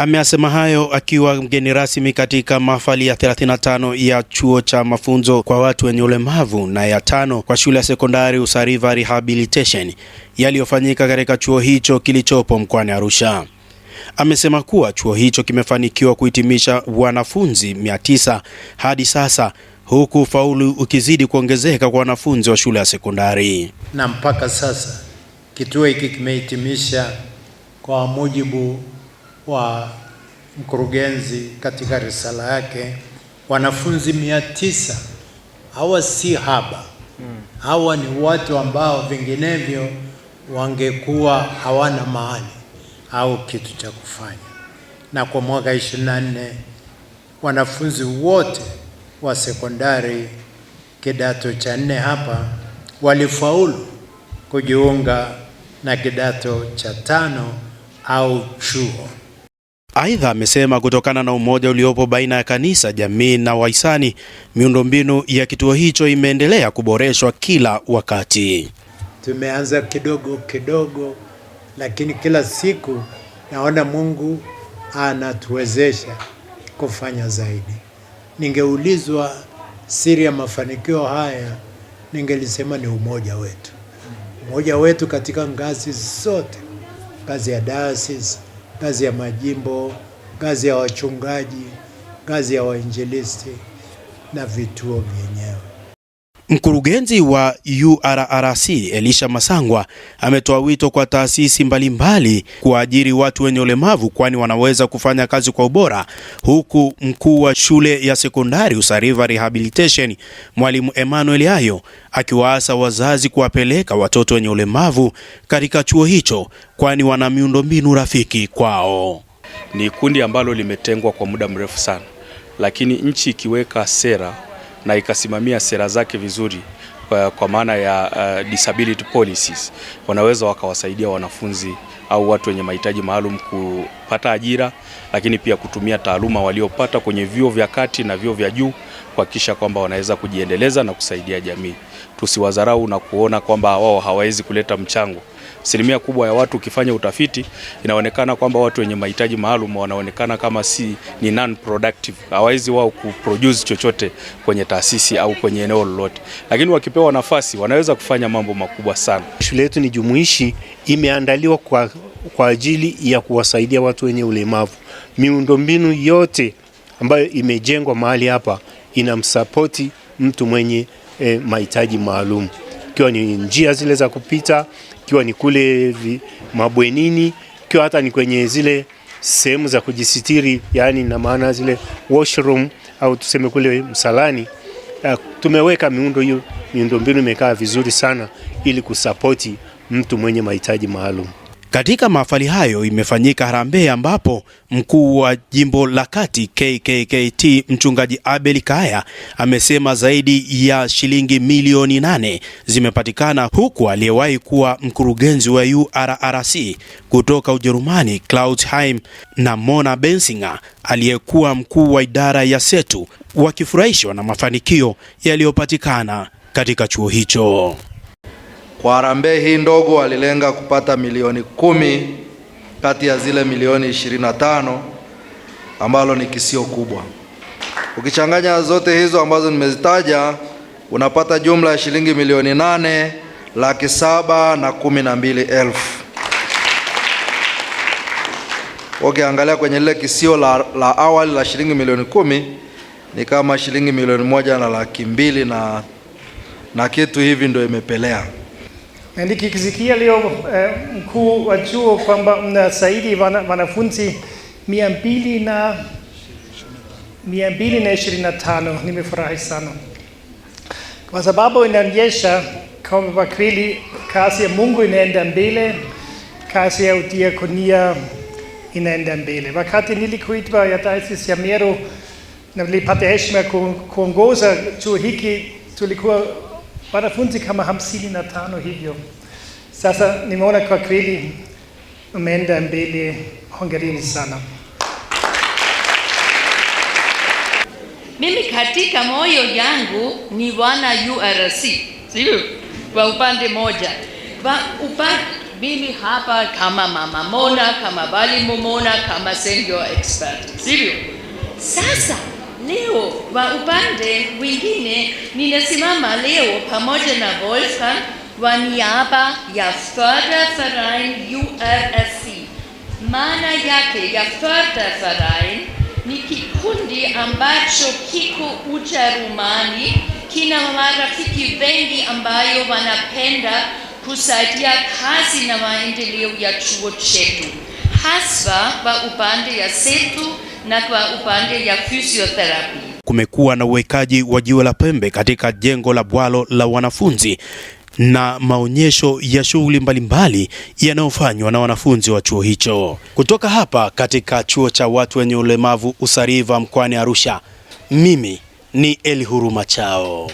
Ameasema hayo akiwa mgeni rasmi katika mahafali ya 35 ya chuo cha mafunzo kwa watu wenye ulemavu na ya tano kwa shule ya sekondari Usariva Rehabilitation yaliyofanyika katika chuo hicho kilichopo mkoani Arusha. Amesema kuwa chuo hicho kimefanikiwa kuhitimisha wanafunzi 900 hadi sasa huku ufaulu ukizidi kuongezeka kwa wanafunzi wa shule ya sekondari. Na mpaka sasa kituo hiki kimehitimisha kwa mujibu wa mkurugenzi katika risala yake, wanafunzi mia tisa hawa si haba hawa ni watu ambao vinginevyo wangekuwa hawana mahali au kitu cha kufanya. Na kwa mwaka 24 wanafunzi wote wa sekondari kidato cha nne hapa walifaulu kujiunga na kidato cha tano au chuo. Aidha, amesema kutokana na umoja uliopo baina ya kanisa, jamii na wahisani, miundombinu ya kituo hicho imeendelea kuboreshwa kila wakati. Tumeanza kidogo kidogo, lakini kila siku naona Mungu anatuwezesha kufanya zaidi. Ningeulizwa siri ya mafanikio haya, ningelisema ni umoja wetu, umoja wetu katika ngazi zote, ngazi ya diocese ngazi ya majimbo, ngazi ya wachungaji, ngazi ya wainjilisti na vituo vyenye Mkurugenzi wa URRC Elisha Masangwa ametoa wito kwa taasisi mbalimbali kuwaajiri watu wenye ulemavu kwani wanaweza kufanya kazi kwa ubora, huku mkuu wa shule ya sekondari Usariva Rehabilitation Mwalimu Emmanuel Ayo akiwaasa wazazi kuwapeleka watoto wenye ulemavu katika chuo hicho kwani wana miundombinu rafiki kwao. Ni kundi ambalo limetengwa kwa muda mrefu sana, lakini nchi ikiweka sera na ikasimamia sera zake vizuri kwa, kwa maana ya uh, disability policies, wanaweza wakawasaidia wanafunzi au watu wenye mahitaji maalum kupata ajira, lakini pia kutumia taaluma waliopata kwenye vyuo vya kati na vyuo vya juu kuhakikisha kwamba wanaweza kujiendeleza na kusaidia jamii. Tusiwadharau na kuona kwamba wao hawawezi kuleta mchango asilimia kubwa ya watu ukifanya utafiti inaonekana kwamba watu wenye mahitaji maalum wanaonekana kama si ni non productive, hawawezi wao kuproduce chochote kwenye taasisi au kwenye eneo lolote, lakini wakipewa nafasi wanaweza kufanya mambo makubwa sana. Shule yetu ni jumuishi, imeandaliwa kwa, kwa ajili ya kuwasaidia watu wenye ulemavu. Miundombinu yote ambayo imejengwa mahali hapa inamsapoti mtu mwenye eh, mahitaji maalum ikiwa ni njia zile za kupita, ikiwa ni kule mabwenini, ikiwa hata ni kwenye zile sehemu za kujisitiri, yani na maana zile washroom au tuseme kule msalani. Uh, tumeweka miundo hiyo, miundo mbinu imekaa vizuri sana ili kusapoti mtu mwenye mahitaji maalum. Katika mahafali hayo imefanyika harambee ambapo mkuu wa jimbo la Kati KKKT mchungaji Abel Kaya amesema zaidi ya shilingi milioni nane zimepatikana, huku aliyewahi kuwa mkurugenzi wa URRC kutoka Ujerumani Klaus Heim na Mona Bensinger aliyekuwa mkuu wa idara ya SETU wakifurahishwa na mafanikio yaliyopatikana katika chuo hicho. Kwa harambee hii ndogo walilenga kupata milioni kumi kati ya zile milioni 25 ambalo ni kisio kubwa. Ukichanganya zote hizo ambazo nimezitaja unapata jumla ya shilingi milioni nane laki saba na kumi na mbili elfu. Ukiangalia okay, kwenye lile kisio la, la awali la shilingi milioni kumi ni kama shilingi milioni moja na laki mbili na, na kitu hivi ndio imepelea na nikikisikia leo eh, mkuu wa chuo kwamba mna zaidi wanafunzi mia mbili na mia mbili na ishirini na tano nimefurahi sana kwa sababu inaonyesha kama kwa kweli kazi ya Mungu inaenda mbele, kazi ya udiakonia inaenda mbele. Wakati nilikuitwa ya Dayosisi ya Meru na nilipata heshima kuongoza chuo hiki, tulikuwa wanafunzi kama hamsini na tano hivyo. Sasa nimeona kwa kweli umeenda mbele, hongereni sana. Mimi katika moyo yangu ni wana URC, sio kwa upande moja kwa upande mimi hapa kama mama Mona, kama walimu Mona, kama senior expert, sivyo? Sasa leo kwa upande mwingine ninasimama leo pamoja na Wolfgang Wanyama ya Förderverein URSC. Maana yake ya Förderverein ni kikundi ambacho kiko Ujerumani, kina marafiki wengi ambayo wanapenda kusaidia kazi na maendeleo ya chuo chetu, haswa kwa upande ya setu na kwa upande ya physiotherapy. Kumekuwa na uwekaji wa jiwe la pembe katika jengo la bwalo la wanafunzi na maonyesho ya shughuli mbalimbali yanayofanywa na wanafunzi wa chuo hicho. Kutoka hapa katika chuo cha watu wenye ulemavu Usariva mkoani Arusha, mimi ni Elihuruma Chao.